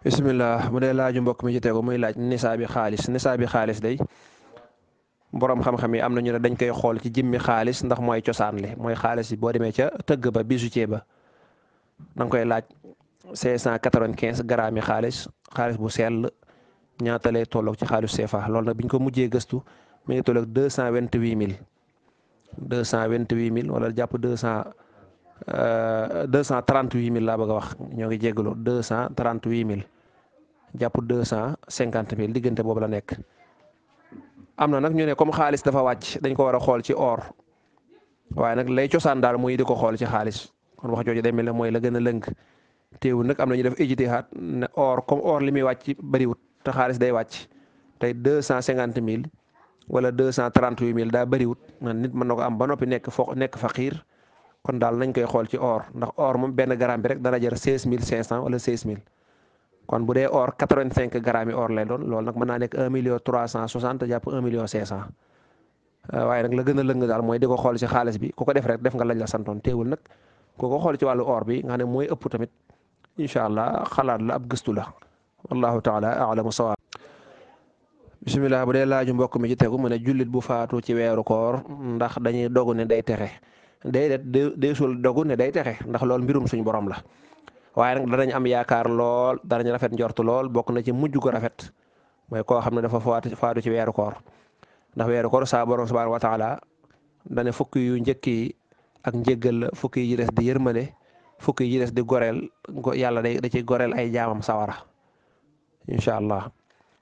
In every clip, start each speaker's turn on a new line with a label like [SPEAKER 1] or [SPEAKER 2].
[SPEAKER 1] bisimilah mu dee laaju mbokk mi ci tegu muy laaj nisaa bi xaalis nisaa bi xaalis day borom xam-xam yi am na ñu ne dañ koy xool ci jimmi xaalis ndax mooy cosaan le mooy xaalis yi boo demee ca tëgg ba bijoutier ba da nga koy laaj cinq cent quatre-vingt-quinze xaalis xaalis bu sell ñaata lay tolloog ci xaalis CFA loolu nag biñ ko mujjee gëstu mu ngi tolloog deux cent vingt-huit mille deux cent vingt-huit wala jàpp Euh, deux cent trente mille laa bëgg a wax ñoo ngi jégalu deux cent trente huit mille jàpp deux cent cinquante mille diggante boobu la nekk. am na nag ñu ne comme xaalis dafa wàcc dañ ko war a xool ci or waaye nag lay cosaan daal muy di ko xool ci xaalis kon wax jooju day mel ne mooy la gën a lëng teewul nag am na ñu def ijtihaad ne or comme or li muy wàcc bariwut te xaalis day wàcc tey deux cent cinquante mille wala deux cent trent huit mille daa bariwut nit mën na ko am ba noppi nekk fo nekk faqiir kon daal nañ koy xool ci or ndax or moom benn gramme bi rek dana jar seize mille cinq cent wala seize mil kon bu dee or quatre vingt cinq grammes yi or lay doon lool nag mën naa nekk un million trois cent soixante jàpp un million cinq cent euh, waaye nag la gën a lëng daal mooy di ko xool ci xaalis bi ku ko def rek def nga lañ la santoon teewul nag ku ko xool ci wàllu oor bi nga ne mooy ëpp tamit incha allah xalaat la ab gëstu la wallahu taala alamu sawaab bisimilah bu dee laaju mbokk mi ci tegu mu ne jullit bu faatu ci weeru koor ndax dañuy dogu ne day texe déedéet deesul dogu ne day texe ndax loolu mbirum suñu borom la waaye nag danañ am yaakaar lool danañ rafet njortu lool bokk na ci mujj ko rafet mooy koo xam ne dafa faatu faatu ci weeru koor ndax weeru koor saa borom subhaanahu wa taala yu njëkk yi ak njéggal la fukki yi des di yërmande fukki yi des di goreel yàlla day da ciy goreel ay jaamam sawara incha allah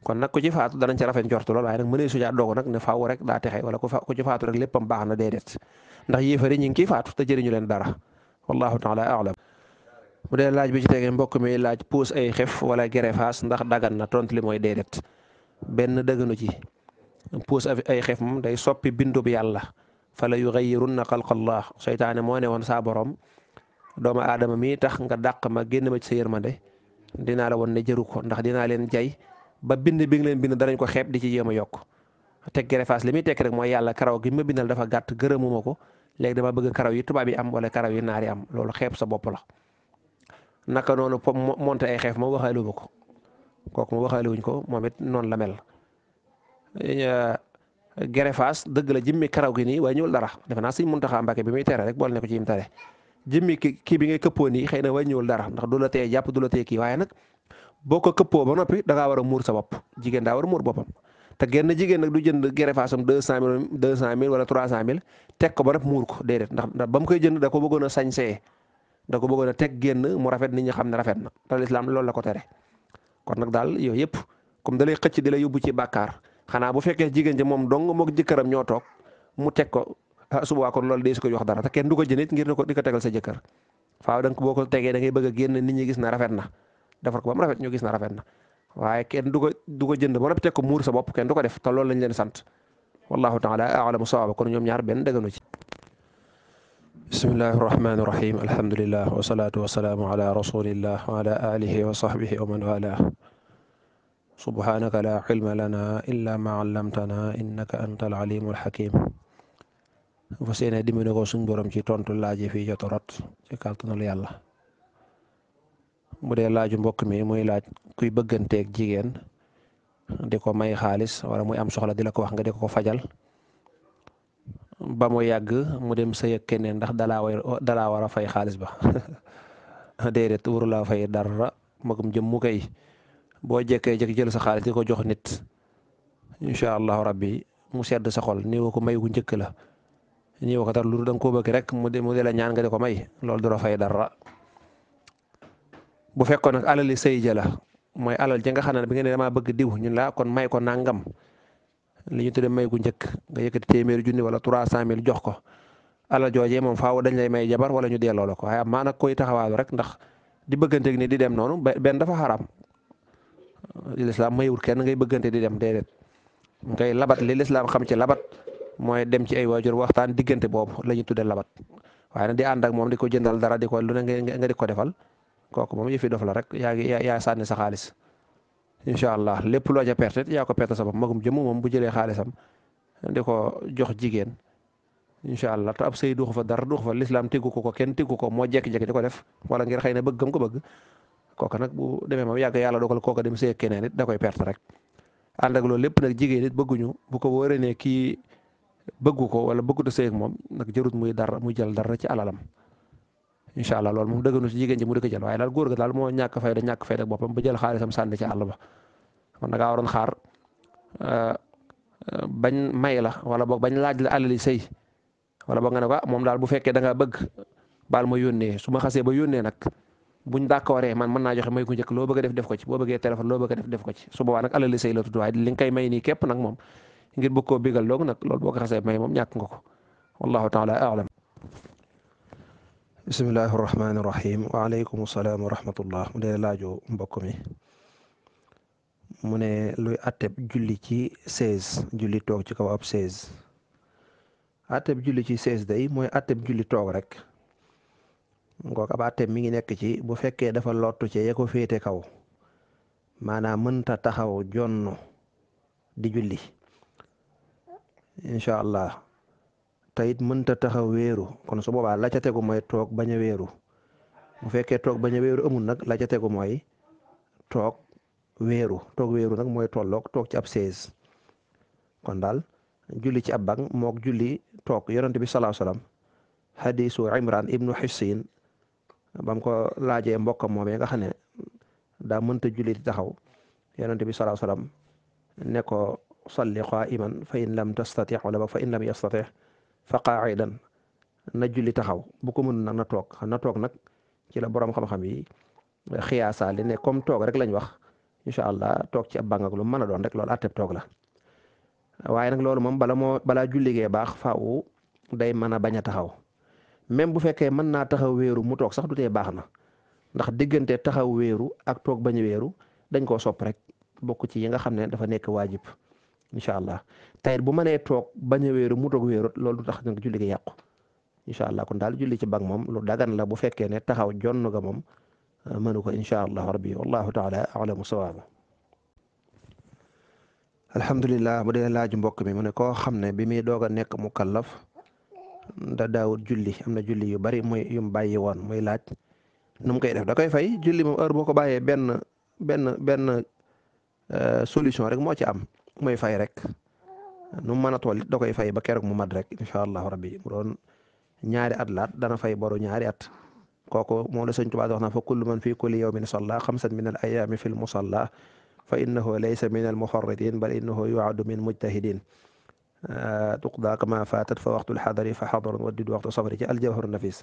[SPEAKER 1] kon nag ku ci faatu danañ ci rafet njort lool waaye nag mënee sujaa doog nag ne faaw rek daa texe wala ku ci faatu rek léppam baax na déedéet ndax yéefari ñi ngi ciy faatu te jëriñu leen dara wallahu taala alam mu dee laaj bi ci tegee mbokk mi laaj poos ay xef wala gerefaas ndax dagan na tont li mooy déedéet benn dëgganu ci puus ay xef moom day soppi bindub yàlla fala yugayyirunna xalqallah seytaane moo ne woon saa borom doomu aadama mi tax nga dàq ma génn ma ci sa yërmande dinaa la woon ne jëru ko ndax dinaa leen jay ba bind bi nga leen bind danañ ko xeeb di ci jéem a yokk teg greffage li muy tekki rek mooy yàlla karaw gi ma bindal dafa gàtt gërëmuma ko léegi dama bëgg karaw yi tubaab yi am wala karaw yi naar yi am loolu xeeb sa bopp la naka noonu pom monte ay xeef moom waxaale ma ko kooku moom waxaale wuñ ko moom it noonu la mel eh, eh, greffage dëgg la jëmmi karaw gi nii waaye ñuul dara defe naa Sëriñ Muntaxa Mbàkke bi muy tere rek boole ne ko ci yim tere jëmmi kii bi ngay këppoo nii xëy na waaye ñuul dara ndax du jàpp du la tee waaye nag boo ko këppoo ba noppi da ngaa war a muur sa bopp jigéen daa war a muur boppam te genn jigéen nag du jënd gerefaasam deux cent mille deux cent mille wala trois cent mille teg ko ba noppi muur ko déedéet ndax ndax ba mu koy jënd da ko bëggoon a sañsee da ko bëggoon a teg génn mu rafet nit ñi xam ne rafet na te lislaam loolu la ko tere kon nag daal yooyu yëpp comme da lay xëcc di la yóbbu ci bakkaar xanaa bu fekkee jigéen ji moom dong moog jëkkëram ñoo toog mu teg ko ah suba kon loolu dee su ko yox dara te kenn du ko jënd it ngir di ko tegal sa jëkkër faaw da nga ko tegee da ngay bëgg génn nit ñi gis na rafet na defar ko ba mu rafet ñu gis na rafet na waaye kenn du ko du ko jënd ba noppi teg muur sa bopp kenn du ko def te loolu lañ leen sant wallahu taala aalamu sawaaba kon ñoom ñaar benn dëgganu ci bismillahi irrahmani irrahim alhamdulillah wasalaatu wasalaamu ala rasulillah illa ma allamtana innaka anta alalimul hakim fa seene dimbali ko suñ borom ci tontu laaji fii jotorot ci kàttanul yàlla mu dee laaju mbokk mi muy laaj kuy bëgganteeg jigéen di ko may xaalis wala muy am soxla di la ko wax nga di ko fajal ba mu yàgg mu dem sëy keneen ndax dalaa war a fay xaalis ba déedéet waru laa fay dara magum jëm mu koy boo jekkee jekk jël sa xaalis di ko jox nit incha allahu rabbi mu sedd sa xol nii ko may gu njëkk la nii ko tar lu da koo bëgg rek mu de mu de ñaan nga di ko may loolu du fay dara. bu fekkoon nag alali sëy ja la mooy alal ja nga xam ne bi nga ne damaa bëgg diw ñun la kon may ko nangam li ñu tuddee may gu njëkk nga yëkkati téeméeri junni wala trois cent mille jox ko alal joojee moom faaw dañ lay may jabar wala ñu delloo la ko waaye am nag koy taxawaalu rek ndax di bëgganteeg ni di dem noonu benn dafa xaraam lislaam mayul kenn ngay bëggante di dem déedéet ngay labat li lislaam xam ci labat mooy dem ci ay waajur waxtaan diggante boobu la ñu tuddee labat waaye di ànd ak moom di ko jëndal dara di ko lu ne nga di ko defal kooku moom fi dof la rek yaa ngi yaa sànni sa xaalis incha allah lépp loo ca perte yaa ko perte sa bopp magum jëmm moom bu jëlee xaalisam di ko jox jigéen incha allah te ab sëy duuxu fa dara duuxu fa lislaam tiggu ko ko kenn tiggu ko moo jékki-jékki di ko def wala ngir xëy na bëggam ko bëgg kooka nag bu demee moom yàgg yàlla dogal kooka dem sëy keneen it da koy perte rek ànd ak loolu lépp nag jigéen it bëgguñu bu ko wóoree ne kii bëggu ko wala bëggu ta sëy moom nag jarut muy dara muy jël dara ci alalam incha allah loolu moom dëgganu si jigéen ji mu dëkk jël waaye daal góor ga daal moo ñàkk fayda ñàkk fayda boppam ba jël xaalisam sànni ci àll ba kon dangaa waroon xaar euh, bañ may wala boog bañ laaj la àll say sëy wala boog nga ne ko ah, moom daal bu fekkee da ngaa bëgg baal ma yónnee su ma xasee ba yónnee nag buñ d'accordee man mën naa joxe may ku njëkk loo bëgg a def def ko ci boo bëggee téléphone loo bëgg def def ko ci su boobaa nag àll li sëy la tudd waaye képp nag moom ngir bëgg koo bigal loolu nag loolu xasee may moom ñàkk nga ko wallahu bismillahi irrahmani irrahim waaleykum salaam wa rahmatullah mu dee laajo mbokk mi mu ne luy atteb julli ci seize julli toog ci kaw ab seize atteb julli ci seize day mooy atteb julli toog rek ngoog ab atteb mi ngi nekk ci bu fekkee dafa lottu ci ya ko féete kaw maanaam mënta taxaw jonn di julli incha allah te it mënta taxaw wéeru kon su boobaa la ca tegu mooy toog baña weeru wéeru bu fekkee toog bañ a wéeru amul nag la ca tegu mooy toog weeru toog wéeru nag mooy tollook toog ci ab sees kon daal julli ci ab bang mook julli toog yonent bi salaa salaam hadisu imran ibnu Xusin ba ko laajee mbokkam moomee nga xam ne daa mënta julli di taxaw yonent bi salaahu salaam ne ko salli qaiman fa in lam tastati wala fa in lam yastati fa qaa'idan na julli taxaw bu ko mën na na toog na toog nag ci la borom xam-xam yi xiyaasaale ne comme toog rek lañ wax incha allah toog ci ab bàng lu mën a doon rek loolu atteb toog la waaye nag loolu moom bala moo balaa julligee baax faaw day mën a bañ a taxaw même bu fekkee mën naa taxaw weeru mu toog sax du tee baax na ndax diggante taxaw weeru ak toog bañ weeru dañ koo sopp rek bokk ci yi nga xam ne dafa nekk waajib incha allah tayit bu manee toog bañ a wéeru mu toog wéerut du tax nag julli gi yàqu incha allah kon daal julli ci bag moom lu dagan la bu fekkee ne taxaw jonn ga moom euh, mënu ko incha allah rabbi wallahu taala alamu sawaaba alhamdulilah bu dee laaju mbokk mi mu ne koo xam ne bi muy doog a nekk mu kallaf da daawut julli am na julli yu bari muy yu mu bàyyi woon mooy laaj nu mu koy def da koy fay julli moom heure boo ko bàyyee benn benn benn euh, solution rek moo ci am mooy may fay rek nu mu mën a toll it da koy fay ba keroog mu mat rek incha allah rabbi mu doon ñaari at laat dana fay boru ñaari at kooku moo la sëñ Tuubaa na fa kullu fii kulli yawmin salla xamsan min al ayaami fil musalla fa innahu laysa min al mufarridin bal innahu yuaddu min mujtahidin tuqdaa kama fatat fa waxtul xadari fa xadarun waddid waxtu safari ci aljawharu nafis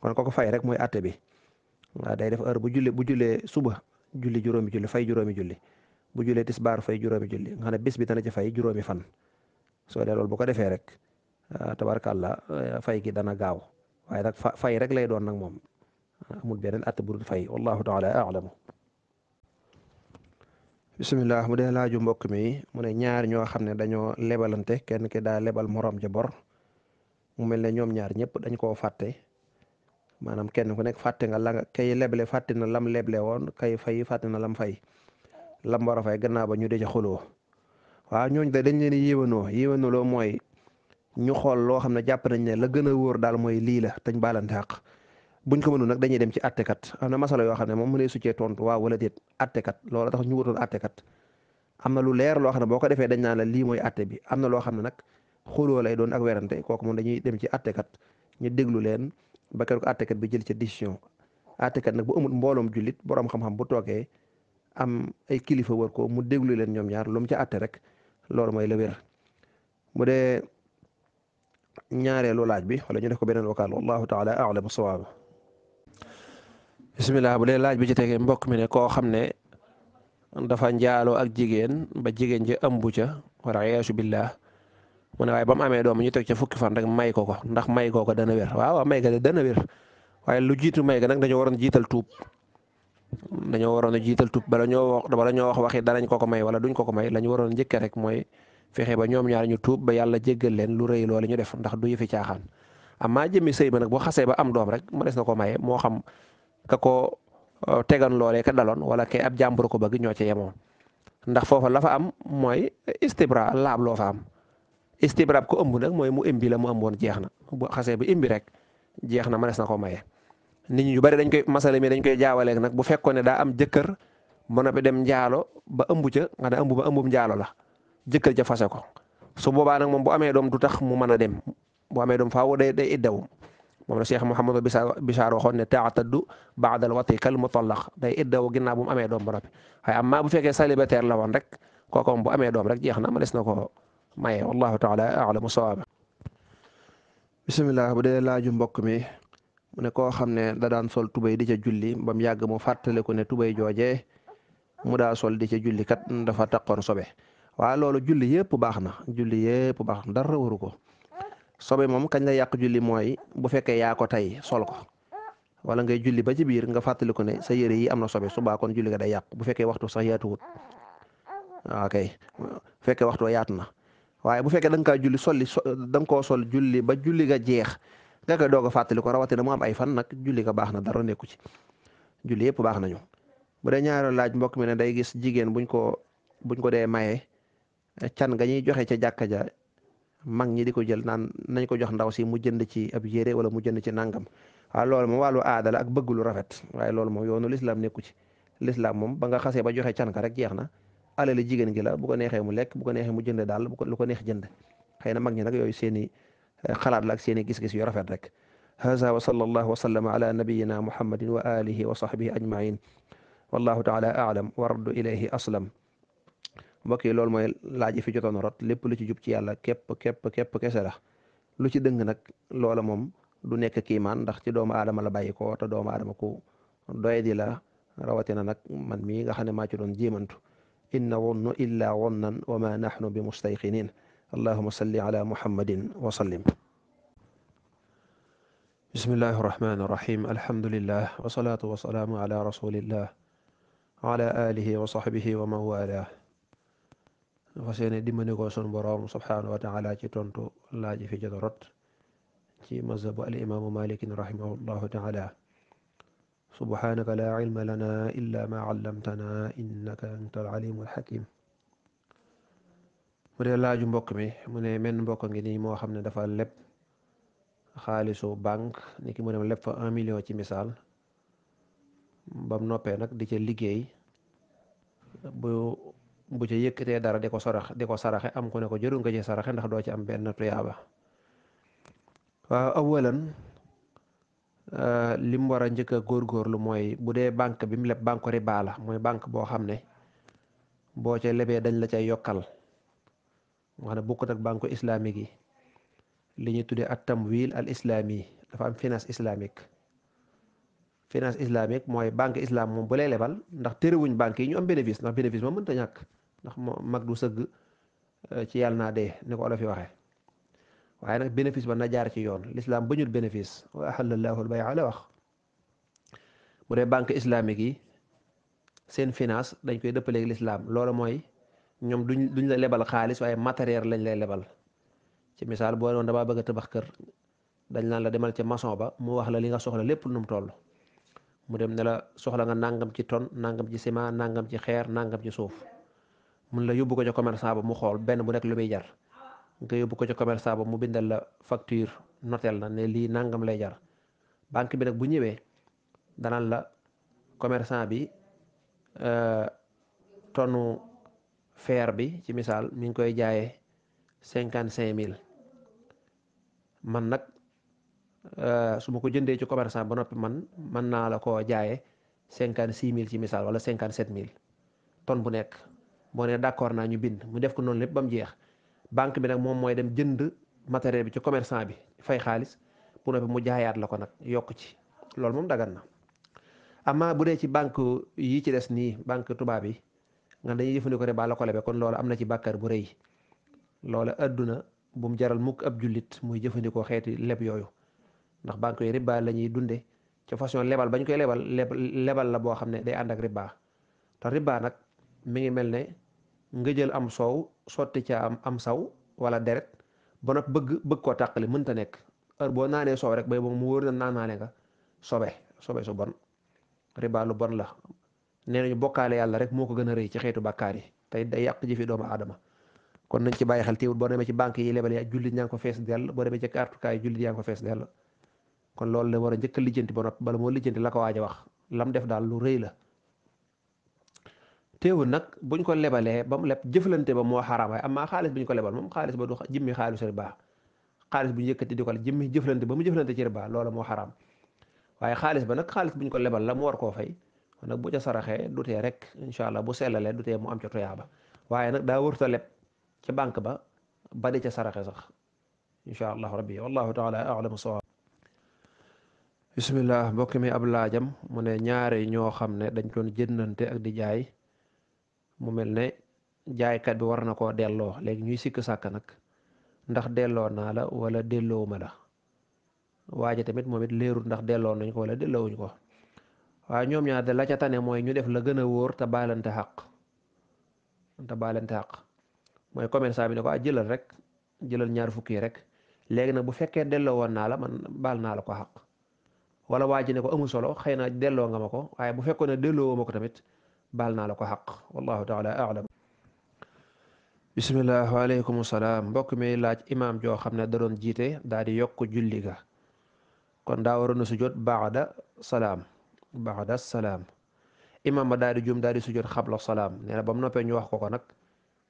[SPEAKER 1] kon kooku fay rek mooy atte bi waaw day def heure bu julli bu jullee suba julli juróomi julli fay juróomi julli bu julee tisbaar fay juróomi julli nga ne bis bi dana ci juróomi fan soo dee loolu bu ko defee rek ah, tabarkàlla eh, fay dana gaaw waaye nag fay rek lay doon nag moom amul beneen at bu dul fay wallahu taala mu dee laaju mbokk mi mu ne ñaar ñoo xam ne dañoo lebalante kenn ki daa lebal moroom ja bor mu mel ne ñoom ñaar ñëpp dañ ko fàtte maanaam kenn ku nekk fàtte nga la kay leble fàtte na lam leble woon kay fay fàtte na lam fay lam war a fay gannaaw ba ñu dee ca xuloo waaw ñooñu de dañ leen yéewanoo yéwanoo yéwanoo loo mooy ñu xool loo xam ne jàpp nañ ne la gën a wóor daal mooy lii la tañ baalante àq buñ ko mënoon nag dañuy dem ci attekat am na masala yoo xam ne moom mu lay succee tontu waaw wala déet attekat loola ñu wutoon attekat am na lu leer loo xam ne boo ko defee dañ naan la lii mooy atte bi am na loo xam ne nag xuloo lay doon ak werante kooku moom dañuy dem ci attekat ñu déglu leen ba keroog attekat bi jël ca décision attekat nag bu amul mbooloom jullit boroom xam-xam bu toogee am ay kilifa war ko mu déglu leen ñoom ñaar lu mu ca àtte rek loolu mooy la wér mu dee ñaareelu laaj bi wala ñu def ko beneen wakaal wallahu taala alamu sawaab bisimilah bu dee laaj bi ci tegee mbokk mi ne koo xam ne dafa njaaloo ak jigéen ba jigéen ji ëmbu ca wala yaasu billah mu ne waaye ba mu amee doom ñu teg ca fukki fan rek may ko ko ndax may ko ko dana wér waaw may ga dana wér waaye lu jiitu may ga nag dañoo waroon jiital tuub dañoo waroon a jiital tub bala ñoo wax bala ñoo wax waxi danañ ko ko may wala duñ ko ko may lañu ñu waroon njëkke rek mooy fexe ba ñoom ñaar ñu tuub ba yàlla jéggal leen lu rëy loolu ñu def ndax du yëfi caaxaan amaa jëmmi sëy ba nag boo xasee ba am doom rek mënees na ko maye moo xam ka ko uh, tegan loolee ka daloon wala kay ab jàmbur ko bëgg ñoo ci yemoo ndax foofa la am mooy istibra laab loo fa am istibrab ko ëmb nag mooy mu ëmbi la mu ëmboon jeex na bu xasee ba ëmbi rek jeex na mënees na ko maye nit ñu bari dañ koy masale mi dañ koy jaawaleek nag bu fekkoon ne daa am jëkkër mën a dem njaalo ba ëmb ca nga ne ëmb ba njaalo la jëkkër ca fase ko su boobaa nag moom bu amee doom du tax mu mën a dem boo amee doom faaw day day iddawu moom la Cheikh Mouhamadou Bichar waxoon ne taataddu baadal wati kal mutallaq day iddawu ginnaaw bu amee doom ba noppi waaye amma bu fekkee célibataire la woon rek kooku moom bu amee doom rek jeex na ma des na ko maye wallahu taala alamu sawaaba bismillah bu dee laaju mbokk mi mu ne koo xam ne da daan sol tubéy di ca julli ba mu yàgg mu fàttale ko ne tubéy joojee mu daa sol di ca julli kat dafa taqoon sobe waaye loolu julli yëpp baax na julli yëpp baax na dara waru ko moom kañ la yàq julli mooy bu fekkee yaa ko tey sol ko wala ngay julli ba ci biir nga fàttali ko ne sa yére yi am na sobe subaa kon julli nga day yàqu bu fekkee waxtu sax yaatuwut ok bu fekkee waxtu yaatu na waaye bu fekkee da nga kaa julli solli da koo sol julli ba julli jeex nga koy doog a fàttali ko rawatina mu am ay fan nag julli nga baax na dara nekku ci julli yëpp baax nañu bu dee ñaareel laaj mbokk mi ne day gis jigéen buñ ko buñ ko dee maye can nga ñuy joxe ca jàkka ja ñi di ko jël naan nañ ko jox ndaw si mu jënd ci ab yére wala mu jënd ci nangam waaw loolu moom wàllu aada ak bëgg lu rafet waaye loolu moom yoonu lislaam nekku ci lislaam moom ba nga xasee ba joxe can rek jeex na alali jigéen gi la bu ko neexee mu lekk bu ko neexee mu jënd daal bu ko lu ko neex jënd mag ñi nag yooyu seeni xalaat la ak seen i gis-gis yu rafet rek haza wa sallallahu wa sallama ala nabiyina muhammadin wa alihi wa sahbihi ajmain wallahu taala aalam wa raddu ilayhi aslam mbokk yi loolu mooy laaj yi fi jotoon rot lépp lu ci jub ci yàlla képp képp képp kese la lu ci dëng nag loola moom du nekk kiimaan ndax ci doomu aadama la bàyyi ko te doomu aadama ku doye rawatina nag man mii nga xam ne maa ci doon jéemantu inna wonnu illa wonnan wa ma nahnu bi mustayqinin allahuma salli ala muhammadin wa sallim bismillahi irrahmani irrahim alhamdulillah wasalaatu wasalaamu ala rasulillah ala alihi wa sahbihi wa man wala dafa seene dimbali ko sun boroom subhanahu wa taala ci tontu laaji fi jota rot ci mazhabu alimaamu malikin rahimahullahu taala subhanaka la ilma lana illa ma allamtana innaka anta alalimul hakim bu dee laaju mbokk mi mu ne menn mbokk ngi nii moo xam ne dafa leb xaalisu banque ni ki mu dem leb fa un million ci misaal bam noppee nag di ca liggéey bu bu ca yëkkatee dara di ko sorax di ko saraxe am ku ne ko jëru nga ci saraxe ndax doo ci am benn tuyaaba waaw awalan euh, li mu war a njëkk góor lu mooy bu dee banque bi mu leb banque riba la mooy banque boo xam ne boo ca lebee dañ la ca yokkal wax ne bokkut ak banque islamique yi li ñuy tudde at tamwil al islami dafa am finance islamique finance islamique mooy banque islam moom bu lay lebal ndax tërëwuñ banque yi ñu am bénéfice ndax bénéfice moom mënta ñàkk ndax moo mag du sëgg euh, ci yàlla naa dee ni ko olof yi waxee waaye nag bénéfice ba na jaar ci yoon l'islam bañul bénéfice wa ahalla llahu al bay'a la wax bu dee banque islamique yi seen finance dañ koy dëppaleeg l'islam loolu mooy ñoom duñ duñ la lebal xaalis waaye matériel lañ lay lebal ci misaal boo doon damaa bëgg a tabax kër dañ naan la demal ci maçon ba mu wax la li nga soxla lépp nu mu toll mu dem ne la soxla nga nangam ci ton nangam ci ciment nangam ci xeer nangam ci suuf mun la yóbbu ko ca commerçant ba mu xool benn bu nekk lu muy jar nga yóbbu ko ca commerçant ba mu bindal la facture notel na ne lii nangam lay jar banque bi nag bu ñëwee danaan la commerçant bi euh, tonu fer bi ci misaal mi ngi koy jaaye cinquante cinq mille man nag euh, su ma ko jëndee ci commerçant ba noppi man mën naa la koo jaaye cinquante six mille ci misaal wala cinquante sept mille tonne bu nekk boo ne d'accord naa ñu bind mu def ko noonu lépp ba mu jeex banque bi nag moom mooy dem jënd matériel bi ci commerçant bi fay xaalis bu noppi mu jaayaat la ko nag yokk ci loolu moom dagan na amaa bu dee ci banque yi ci des nii banque tubaab yi nga dañuy jëfandikoo riba la ko lebe kon loola am na ci bàkkaar bu rëy loola àdduna bu mu jaral mukk ab jullit muy jëfandikoo xeeti leb yooyu ndax banque yi riba la ñuy dunde ca façon lebal bañ koy lebal lebal la boo xam ne day ànd ak riba te riba nag mi ngi mel ne nga jël am soow sotti ca am am saw wala deret ba nag bëgg bëgg koo tàqale mënta nekk heure boo naanee soow rek moom mu wóor na naanaane nga sobe sobe su bon riba lu bon la nee nañu bokkaale yàlla rek moo ko gën a rëy ci xeetu bàkkaar yi tey day yàq doomu adama kon nañ ci bàyyi xel teewul boo demee ci banque yi lebal ya jullit ko fees dell boo demee ci kartukaay jullit yaa ngi ko kon loolu war a njëkk lijjanti ba noppi bala moo lijjanti la ko waaj a wax lam def daal lu rëy la teewul nag buñ ko lebalee ba mu leb jëflante ba moo xaraam waaye amaa xaalis bu ko lebal moom xaalis ba du jëmmi xaalis riba xaalis bu ñu yëkkati ko la jëmmi jëflante ba mu jëflante ci riba loola moo xaraam waaye xaalis ba nag xaalis bu ko lebal la mu war koo fay kon nag bu ca saraxee du rek incha allah bu sellalee du mu am ca tuyaaba waaye nag daa wërta leb ci banque ba ba di ca saraxe sax incha allah rabbi wallahu taala alamu sawaab bismillah mbokk mi ab laajam mu ne ñaare ñoo xam ne dañ doon jëndante ak di jaay mu mel ne jaaykat bi war na koo delloo léegi ñuy sikk sàkk nag ndax delloo naa la wala delloowuma la waaje tamit moom it léerul ndax delloo nañ ko wala delloowuñ ko waaye ñoom ñaar de la tane mooy ñu def la gën a wóor te baalante xaq mooy commerçant bi ne ko ah jëlal rek jëlal ñaar fukki yi rek léegi nag bu fekkee delloo woon naa la man baal naa la ko xaq wala waa ji ne ko amul solo xëy na delloo nga ma ko waaye bu fekkoon ne delloo ma ko tamit baal naa la ko xaq wallahu taala alam bisimilah waaleykum salaam mbokk mi laaj imaam joo xam ne da doon jiite daal di yokk julli ga kon daa waroon na su jot da salaam baada salaam imam ba daal di juum daal di sujjoot xabla salaam nee na ba mu noppee ñu wax ko ko nag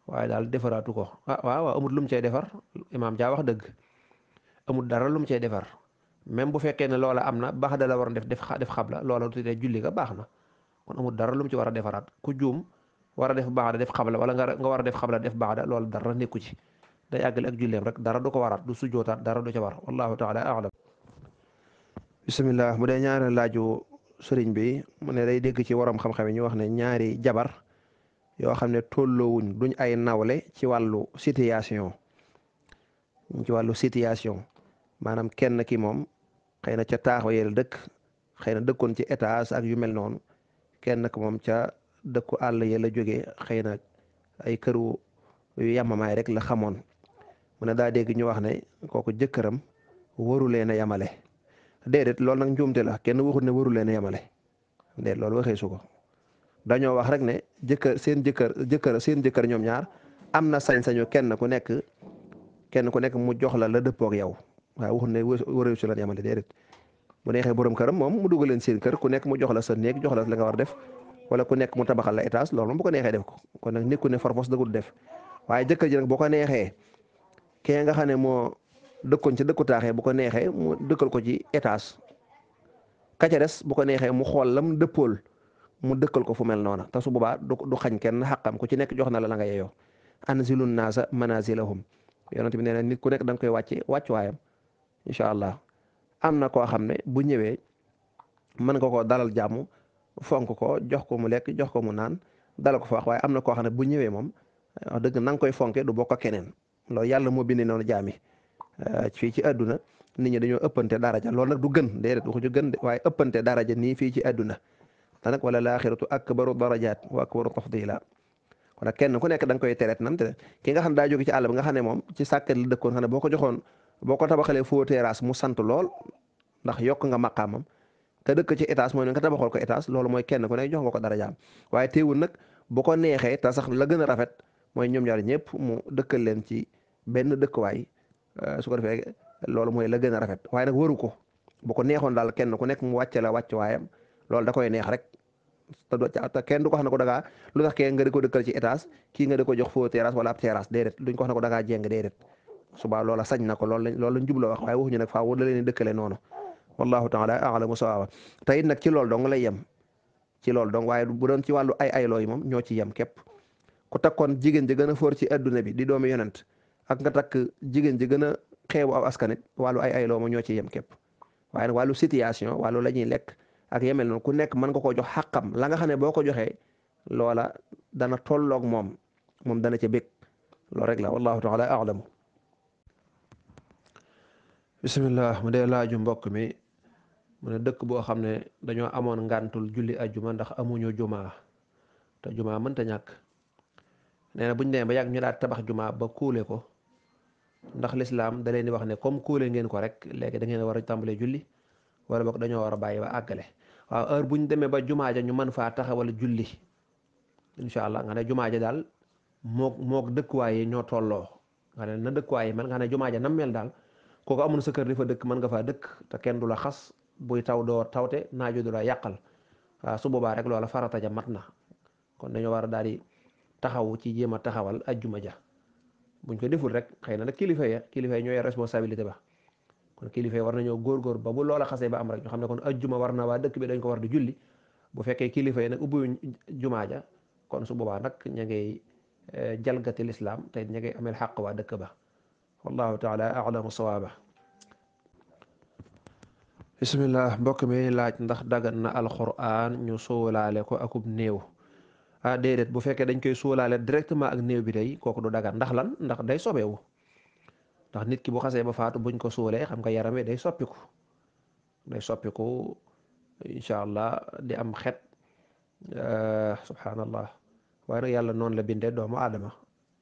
[SPEAKER 1] waaye daal defaraatu ko ah waaw waaw amut lu mu cay defar imaam jaa wax dëgg amut dara lu mu cay defar même bu fekkee ne loola am na baax da la war a def def xabla loola tuddee julli ga baax na kon amut dara lu mu ci war a defaraat ku juum war def baax da def xabla wala nga war a def xabla def baax da loola dara nekku ci day àggale ak julleem rek dara du ko waraat du sujjootaat dara du ca war wallahu taala alam bismillah bu dee sëriñ bi mu ne day dégg ci waroom xam-xam yi ñu wax ne ñaari jabar yoo xam ne tolloowuñ duñ ay nawle ci wàllu situation ci wàllu situation maanaam kenn ki moom xëy na ca taaxu yeel dëkk xëy na dëkkoon ci étage ak yu mel noonu kenn ki moom ca dëkku àll ya la jógee xëy na ay këru yu yamamaay rek la xamoon mu ne daa dégg ñu wax ne kooku jëkkëram waru leen a yamale déedéet loolu nag njuumte la kenn waxut ne waru leen yemale déedéet loolu waxee su ko dañoo wax rek ne jëkkër seen jëkkër jëkkër seen jëkkër ñoom ñaar am na sañ-sañu kenn ku nekk kenn ku nekk mu jox la la dëppoog yow waaw waxut ne waru su leen yemale déedéet bu neexee borom këram moom mu dugg leen seen kër ku nekk mu jox la sa néeg jox la la nga war def wala ku nekk mu tabaxal la étage loolu moom bu ko neexee def ko kon nag nit ku ne farfos dagul def waaye jëkkër ji nag boo ko neexee dëkkoon ci dëkku taaxee bu ko neexee mu dëkkal ko ci étage kaca des bu ko neexee mu xool lam dëppool mu dëkkal ko fu mel noona te su boobaa du xañ kenn xàqam ku ci nekk jox na la la nga yeyoo anzilun naasa manazilahum yonent bi nee na nit ku nekk danga nga koy wàcce wàccuwaayam incha allah am na koo xam ne bu ñëwee mën nga koo dalal jàmm fonk ko jox ko mu lekk jox ko mu naan dalal ko fa wax am na koo xam ne bu ñëwee moom dëgg na koy fonke du bokk ak keneen loolu yàlla moo bindee noonu jaami fii euh, ci àdduna nit ñi dañoo ëppante daraja lool nag du gën déedéet waxuñu gën waaye ëppante daraja nii fii ci àdduna te nag wala laaxiratu akbaru darajaat wa akbaru tafdila kon nag kenn ku nekk da nga koy tereet nam te ki nga xam daa jóge ci àll bi nga xam ne moom ci sàkkat la dëkkoon xam ne boo ko joxoon boo ko tabaxalee foo terrasse mu sant lool ndax yokk nga maqaamam te dëkk ci étage mooy ne nga tabaxool ko étage loolu mooy kenn ku nekk jox nga ko darajaam waaye teewul nag bu ko neexee te sax la gën a rafet mooy ñoom ñaar ñëpp mu dëkkal leen ci benn dëkkuwaay Euh, su ko loolu mooy la gën a rafet waaye nag waru ko bu ko neexoon daal kenn ku nekk mu wàcce la wàcc waayam loolu da koy neex rek te kenn du ko wax ne ko dangaa lu tax kee nga di ko dëkkal ci étage kii nga di ko jox foo terrasse wala ab terrasse ko wax ne ko dangaa jéng déedéet suba loola sañ na ko loolu lañ loolu lañ jubla wax waaye waxuñu nag faaw da leen dëkkale noonu wallahu taala alamu ci loolu dong lay yem ci lool dong waaye bu doon ci wàllu ay ay moom ñoo ci yem képp ku takkoon jigéen ji gën a foor ci adduna bi di doomi yonent ak nga takk jigéen ji gën a xeebu aw askanit wàllu ay ay looma ñoo ci yem képp waaye nag wàllu situation wàllu la ñuy lekk ak yemel noonu ku nekk mën nga ko jox xàqam la nga xam ne boo ko joxee loola dana tolloog moom moom dana ca bég loolu rek la wallahu taala alamu bismillah mu dee laaju mbokk mi mu ne dëkk boo xam ne dañoo amoon ngàntul julli ajjuma ndax amuñu jumaa te jumaa mënta ñàkk nee na buñ demee ba yàgg ñu daal tabax jumaa ba kuule ko ndax lislaam da leen di wax ne comme kóole ngeen ko rek léegi da ngeen war a tàmbalee julli wala ko dañoo war a bàyyi ba àggale waaw heure bu ñu demee ba jumaa ja ñu mën faa taxawal julli incha allah nga ne jumaa ja daal mook mook dëkkuwaay yi ñoo tolloo nga ne na dëkkuwaay yi mel nga ne jumaa ja nam mel daal kooku amul sa kër di fa dëkk mën nga faa dëkk te kenn du la xas buy taw doo tawte naaju du la yàqal waaw su boobaa rek loola farata ja mat na kon dañoo war a daal di taxaw ci jéem a taxawal ajjuma ja buñ ko deful rek xëy na nag kilifa ya kilifa ya ñooy responsabilité ba kon kilifa ya war nañoo góorgóor ba bu loola xasee ba am rek ñoo xam ne kon ajjuma war na waa dëkk bi ko war di julli bu fekkee kilifa ya nag jumaa ja kon su boobaa nag ña ngay eh, jalgati lislaam te ña ngay amel xàq waa dëkk ba wallahu taala alamu sawaaba bismillah mbokk mi laaj ndax dagan na alquran ñu suulaale ko akub néew ah déedéet bu fekkee dañ koy suulaale directement ak néew bi day kooku du daga ndax lan ndax day sobeewu ndax nit ki bu xasee ba faatu buñ ko suulee xam nga yaramee day soppiku day soppiku incha allah di am xet ah, subhanallah waaye nag yàlla noonu la bindee doomu aadama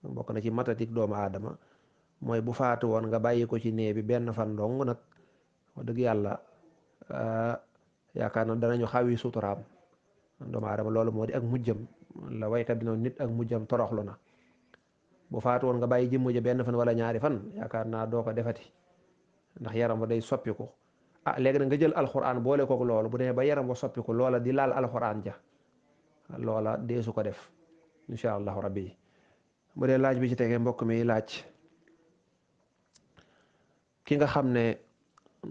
[SPEAKER 1] bokk na ci matatik doomu aadama mooy bu faatu woon nga bàyyi ko ci néew bi benn fan dong nag wax dëgg yàlla ah, yaakaar na danañu xawi suturaam doomu aadama loolu moo di ak mujjam la waykat bi noonu nit ak mujjam toroxlu na bu faatu woon nga bàyyi jëmm ja benn fan wala ñaari fan yaakaar naa doo ko defati ndax yaram wa day soppiku ah léegi na nga jël alxuraan boole kook loolu bu demee ba yaram wa loola di laal alxuraan ja loola deesu ko def incha allahu rabbi bu dee laaj bi ci tegee mbokk mi laaj ki nga xam ne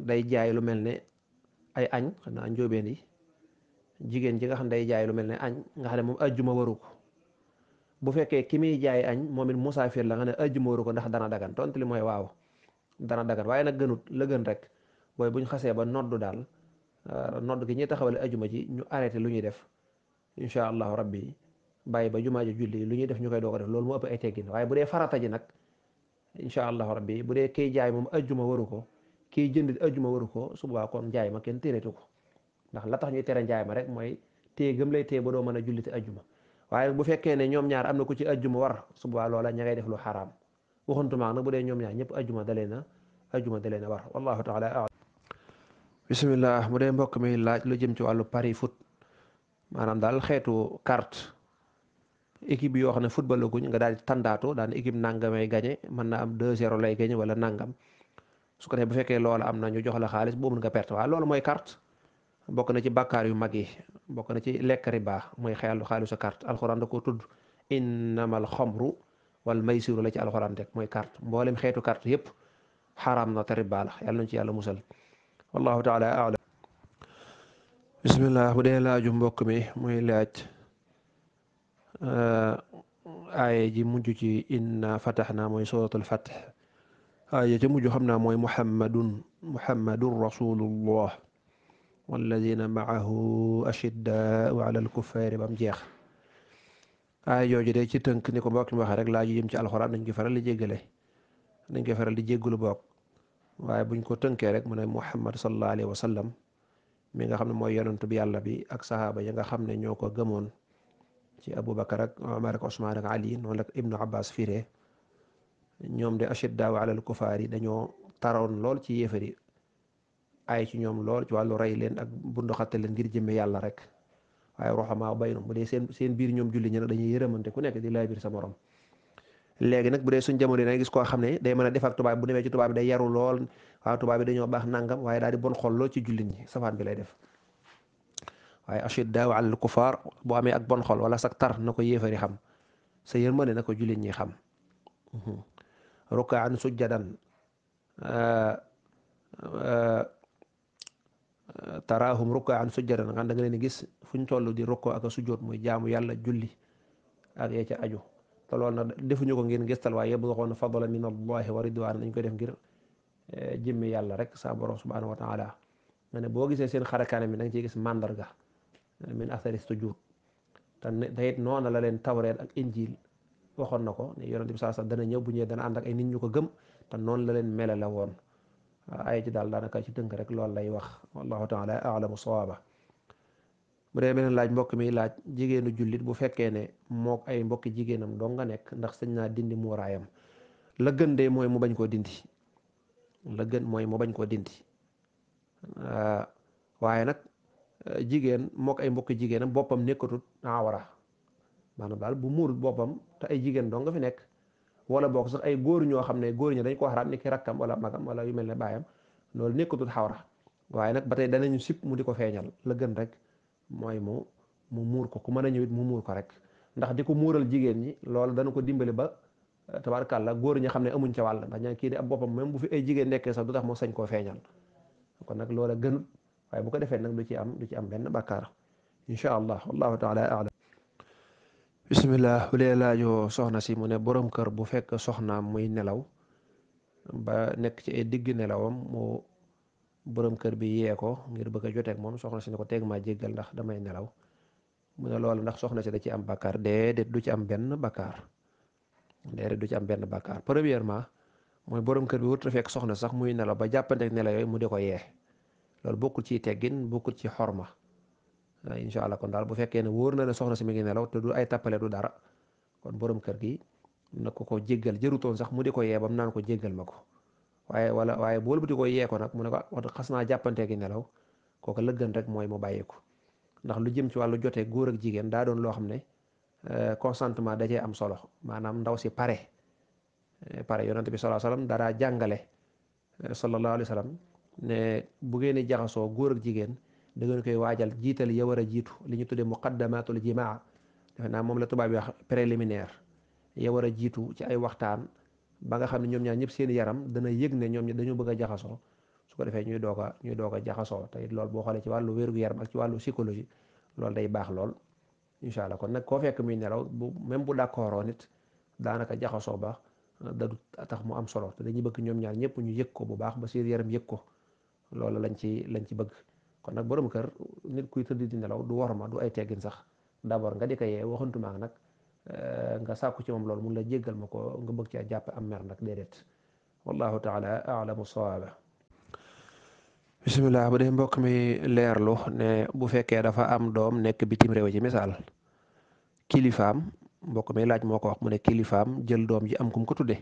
[SPEAKER 1] day jaay lu mel ne ay añ xanaa njóobeen yi jigéen ji nga xam ne day jaay lu mel ne añ nga xam ne moom ajjuma waru ko bu fekkee ki muy jaay añ moom it musaafir la nga ne ajjuma waru ko ndax dana dagan tontu li mooy waaw dana dagan waaye nag gënut la gën rek booy bu ñu xasee ba noddu daal euh, nodd gi ñuy taxawale ajjuma ji ñu arrêté lu ñuy def incha allahu rabbi bàyyi ba jumaa ji julli lu ñuy def ñu koy doog a def loolu moo ëpp ay teggin waaye bu dee farata ji nag incha allahu rabbi bu dee kiy jaay moom ajjuma waru ko kiy jënd ajjuma waru ko suba kon jaay ma kenn téereetu ko ndax la tax ñuy tere njaay ma rek mooy téye gëm lay téye ba doo mën a jullite ajjuma waaye bu fekkee ne ñoom ñaar am na ko ci ajjuma war suba loola ña ngay def lu xaraam waxuntumaag nag bu dee ñoom ñaar ñëpp ajjuma dalee na ajjuma dalee na war wallahu taala alam bisimilah mu dee mbokk mi laaj lu jëm ci wàllu pari foot maanaam daal xeetu carte équipe yoo xam ne football guñ nga daal di tàndaatu daan équipe nangamay gagné man na am 2-0 lay gagné wala nangam su ko defee bu fekkee loola am na ñu jox la xaalis boobu nga perte waaye loolu mooy carte bokk na ci bàkkaar yu mag yi bokk na ci lekk riba mooy xeyalu xaalisu carte alxuraan da koo tudd innamal xamru wal maysiru la ci alxuraan rek mooy carte mboolem xeetu carte yëpp xaraam na te riba la ci yàlla musal wallahu taala alam bismillah bu dee laaju mbokk mi muy laaj eh, aaye ji mujj ci inna fataxna mooy suratul fatx aaye ci mujj xam naa mooy muhammadun muhammadun rasulullah walladina maahu ashiddaau ala alkuffaari bam jeex aaya jooju de ci tënk ni ko mbokk mi waxee rek laaj yu ci alxuraan dañ ko faral di jéggale dañ ko faral di jéggalu bokk waaye buñ ko tënkee rek mu ne muhammad sallallahu alayhi wa sallam mi nga xam ne mooy yonentu bi yàlla bi ak sahaaba ya nga xam ne ñoo ko gëmoon ci abu ak omar ak osmaan ak ali noonu la ibnu abbas firee ñoom de ashiddaau ala alkuffaari dañoo taroon lool ci yéefari ay ci ñoom lool ci wàllu ray leen ak bundoxatte leen ngir jëmme yàlla rek waaye roxamaa bay bu dee seen seen biir ñoom julli ñi nag dañuy yërëmante ku nekk di lay biir sa morom léegi nag bu dee suñ jamono dina gis koo xam ne day mën a def ak tubaab bu demee ci tubaab bi day yaru lool waaw tubaab bi dañoo baax nangam waaye daal di bon xol lool ci jullit ñi safaan bi lay def waaye ashiddaa'u alal kufaar boo amee ak bon xol wala sak tar na ko yéefari xam sa ma yërmande na ko jullit ñi xam rukaan sujjadan taraahum rukkaan sujjadan nga da nga leen gis fu ñu toll di rukkoo ak a sujjoot muy jaamu yàlla julli ak yee ca aju te loolu nag defuñu ko ngir ngistal waaye yëpp nga xoon fadla min allahi wa ridwaan dañ koy def ngir eh, jëmmi yàlla rek sa borom subhanahu wa taala nga ne boo gisee seen xarakaane mi da nga gis màndarga min athari sujud te it noona la leen tawreet ak injil waxoon na ko ne yonent bi saa sax dana ñëw bu ñëwee dana ànd ak ay nit ñu ko gëm te noonu la leen mele la woon aaya ji daal daanaka ci tënk rek loolu lay wax wallahu taala alamu sawaaba bu dee laaj mbokk mi laaj jigéenu jullit bu fekkee ne mook ay mbokki jigéenam doo nga nekk ndax sëñ naa dindi muuraayam la gën de mooy mu bañ koo dindi la gën mooy mu bañ koo dindi waaye nag jigéen mook ay mbokki jigéenam boppam nekkatut awara maanaam daal bu muurut boppam te ay jigéen doo fi nekk wala boog sax ay góor ñoo xam ne góor ñi dañ ko xaraam ni ki rakkam wala magam wala yu mel ne baayam loolu nekkatul xawra waaye nag ba tey danañu sip mu di ko feeñal la gën rek mooy mu mu muur ko ku mën a ñëwit mu muur ko rek ndax di ko muural jigéen ñi loolu dana ko dimbali ba eh, la góor ñi xam ne amuñ ca wàll ndax ñaa kii de am boppam même bu fi ay jigéen nekkee sax du tax moo sañ koo feeñal kon nag loola gënut waaye bu ko defee nag du ci am du ci am benn bàkkaar incha allah wallahu taala bisimilah bu dee soxna si mu ne borom kër bu fekk soxnaam muy nelaw ba nekk ci ay digg nelawam mu borom kër bi yee ko ngir bëgg a joteeg moom soxna si ne ko teg maa jéggal ndax damay nelaw mu ne loolu ndax soxna si da ci am bakkaar déedéet du ci am benn bakkaar déedéet du ci am benn bakkaar premièrement mooy borom kër bi wut fekk soxna sax muy nelaw ba jàppanteeg nelaw yooyu mu de ko yee loolu bokkul ci teggin bokkul ci xor ma incha allah kon daal bu fekkee ne wóor na ne soxna si mi ngi nelaw te du ay tappale du dara kon borom kër gi na ko ko jéggal jërutoon sax mu di ko yee bam naan ko jéggal ma ko waaye wala waaye bool bu di ko yee nag mu ne ko xas naa jàppantee gi nelaw kooku lëggan rek mooy mu bàyyi ndax lu jëm ci wàllu jotee góor ak jigéen daa doon loo xam ne euh, consentement da cee am solo maanaam ndaw si pare euh, pare yonent bi sallallahu alayhi wasallam jàngale euh, sallallahu alayhi wasallam ne bu ngeen jaxasoo góor ak jigéen da ngeen koy waajal jiital ya war a jiitu li ñu tuddee muqaddamatul jimaa defe naa moom la tubaab yi wax préliminaire ya war a jiitu ci ay waxtaan ba nga xam ne ñoom ñaar ñëpp seen yaram dana yëg ne ñoom dañoo bëgg a jaxasoo su ko defee ñuy doog a ñuy doog a jaxasoo te it boo xoolee ci wàllu wérgu yaram ci wàllu psychologie loolu day baax lool incha allah kon nag koo fekk muy nelaw bu même bu d'accord nit daanaka jaxasoo ba ah, da du tax mu am solo dañuy bëgg ñoom ñaar ñëpp ñu yëg ko bu baax ba seen yaram yëg ko loolu lañ ci lañ ci bëgg kon nag borom kër nit kuy tëdd di nelaw du worma du ay teggin sax d'abord nga di ko yee waxantuma nag eh, nga sàkku ci moom lool mun la jéggal ma ko nga bëgg ci jàppe am mer nag déedéet wallahu taala alamu sawaaba bisimilah bu dee mbokk mi leerlu ne bu fekkee dafa am doom nekk bitim réew ci misaal kilifaam mbokk mi laaj moo ko wax mu ne kilifaam jël doom ji am kum ko tudde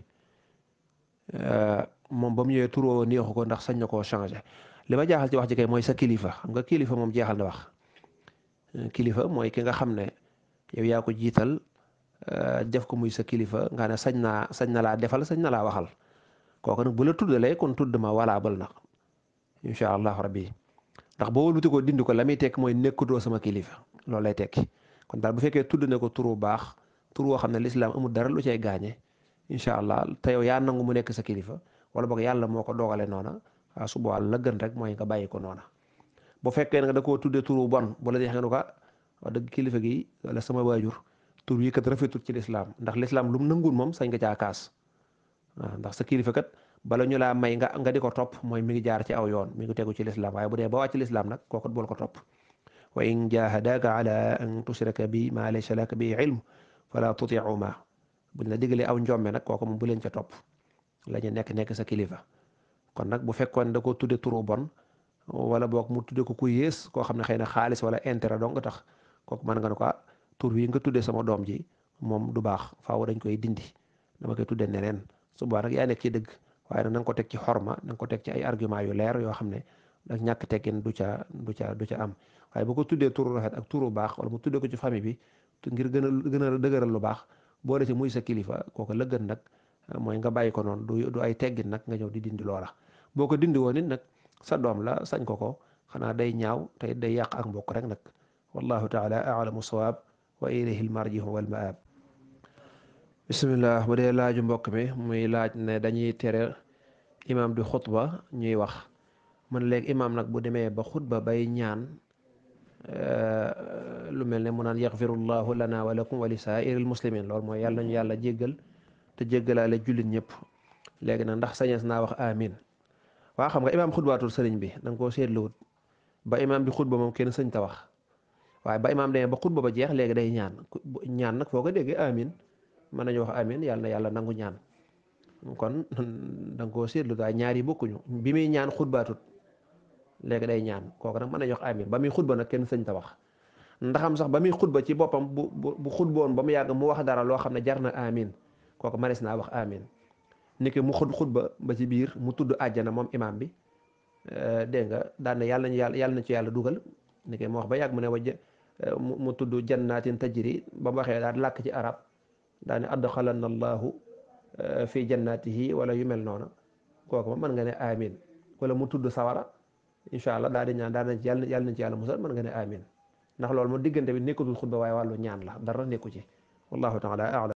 [SPEAKER 1] eh, moom ba mu ñëwee turoo neexu ko ndax sañ na koo changé li ma jaaxal ci wax ci kay mooy sa kilifa xam nga kilifa moom jeexal na wax euh, kilifa mooy ki nga xam ne yow yaa ko jiital euh, def ko muy sa kilifa nga ne sañ naa sañ na laa defal sañ na laa waxal kooku nag bu la tuddalee kon tudd ma walaa bal na incha allahu ndax boo wëlbati ko dindi ko la muy tekk mooy nekkutoo sama kilifa loolu tekki kon daal bu fekkee tudd ne ko turu baax tur woo xam ne lislaam amul dara lu cay gaañe incha allah te yow yaa nangu mu nekk sa kilifa wala boog yàlla moo ko dogalee noona ah su boobaa la gën rek mooy nga bàyyi ko noona bu fekkee nga da koo tuddee turu bon bu la dee ne ko ah, wax dëgg kilifa gi wala sama waajur tur yi kat rafetul ci lislaam ndax lislaam lu mu nanguwul moom sañ nga caa kaas ah, ndax sa kilifa kat bala ñu laa may nga nga di ko topp mooy mi ngi jaar ci aw yoon mi ngi tegu ci lislaam waaye bu dee ba ci lislaam nag kooku bool ko topp wa in jahadaka ala an tushrika bi ma laysa laka bi ilm fala tuti'uma buñ la digalee aw njombe nag kooku moom bu leen ca topp la ñu nekk nekk sa kilifa kon nag bu fekkoon da ko tuddee turu bon wala boog mu tuddee ko ku yées koo xam ne xëy na xaalis wala intérêt dong tax kooku mën nga ne ko ah, tur wi nga tudde sama doom ji moom du baax dañ koy dindi dama koy tudde neneen su boobaa nag yaa nekk dëgg waaye nag ko teg ci xorma na ko teg ci ay argument yu leer yoo xam ne ak ñàkk teggin du ca du ca du ca am waaye bu ko tuddee turu rafet ak turu baax wala mu tuddee ko ci famille bi ngir gën a gën dëgëral lu baax boole ci muy sa kilifa kooku la gën nag mooy nga bàyyi ko noonu du du ay teggin nag nga ñëw di dindi loola boo ko dindi woon it nag sa doom la sañ ko ko xanaa day ñaaw te day yàq ak mbokk rek nag wallahu taala aalamu sawaab wa ilayhi almarjiu wal maab bismillah dee laaju mbokk mi muy laaj ne dañuy tere imaam di xutba ñuy wax man léegi imaam nag bu demee ba xutba bay ñaan eh, lu mel ne mu naan yaxfirullahu lana wa lakum wa li saairil muslimin loolu mooy yàlla ñu yàlla jéggal te jéggalaale jullit ñëpp léegi nag ndax sañees naa wax amin waa xam nga imaam xutbaatul sëriñ bi da nga koo seetluwut ba imaam bi xutba moom kenn sëñ ta wax waaye ba imaam demee ba xutba ba jeex léegi day ñaan ñaan nag foo ko déggee amin mën nañu wax amin yàlla na yàlla nangu ñaan kon da koo seetlu daal ñaar bokkuñu bi muy ñaan xutbaatut léegi day ñaan kooku nag mën nañu wax amin ba muy xutba nag kenn sëñ ta wax ndaxam sax ba muy xutba ci boppam bu bu xutboon ba mu yàgg mu wax dara loo xam ne jar na amin kooku maris naa wax amin niki mu xut xutba ba ci biir mu tudd àjjana moom imaam bi euh, dégg nga daan yàlla nañu yàlla yàlla na ci yàlla dugal niki mu wax ba yàgg mu ne wajj euh, mu tudd jannaatin tajri ba mu waxee daal làkk ci arab daane adxalanna allahu euh, fi jannatihi wala yu mel noona kooku moom mën nga ne amin wala mu tudd sawara incha allah daal di ñaan daal nañ ci yàlla yàlla nañ ci yàlla musal mën nga ne amin ndax lool moom diggante bi nekkatul xutba waaye wàllu ñaan la dara nekku ci wallahu taala alam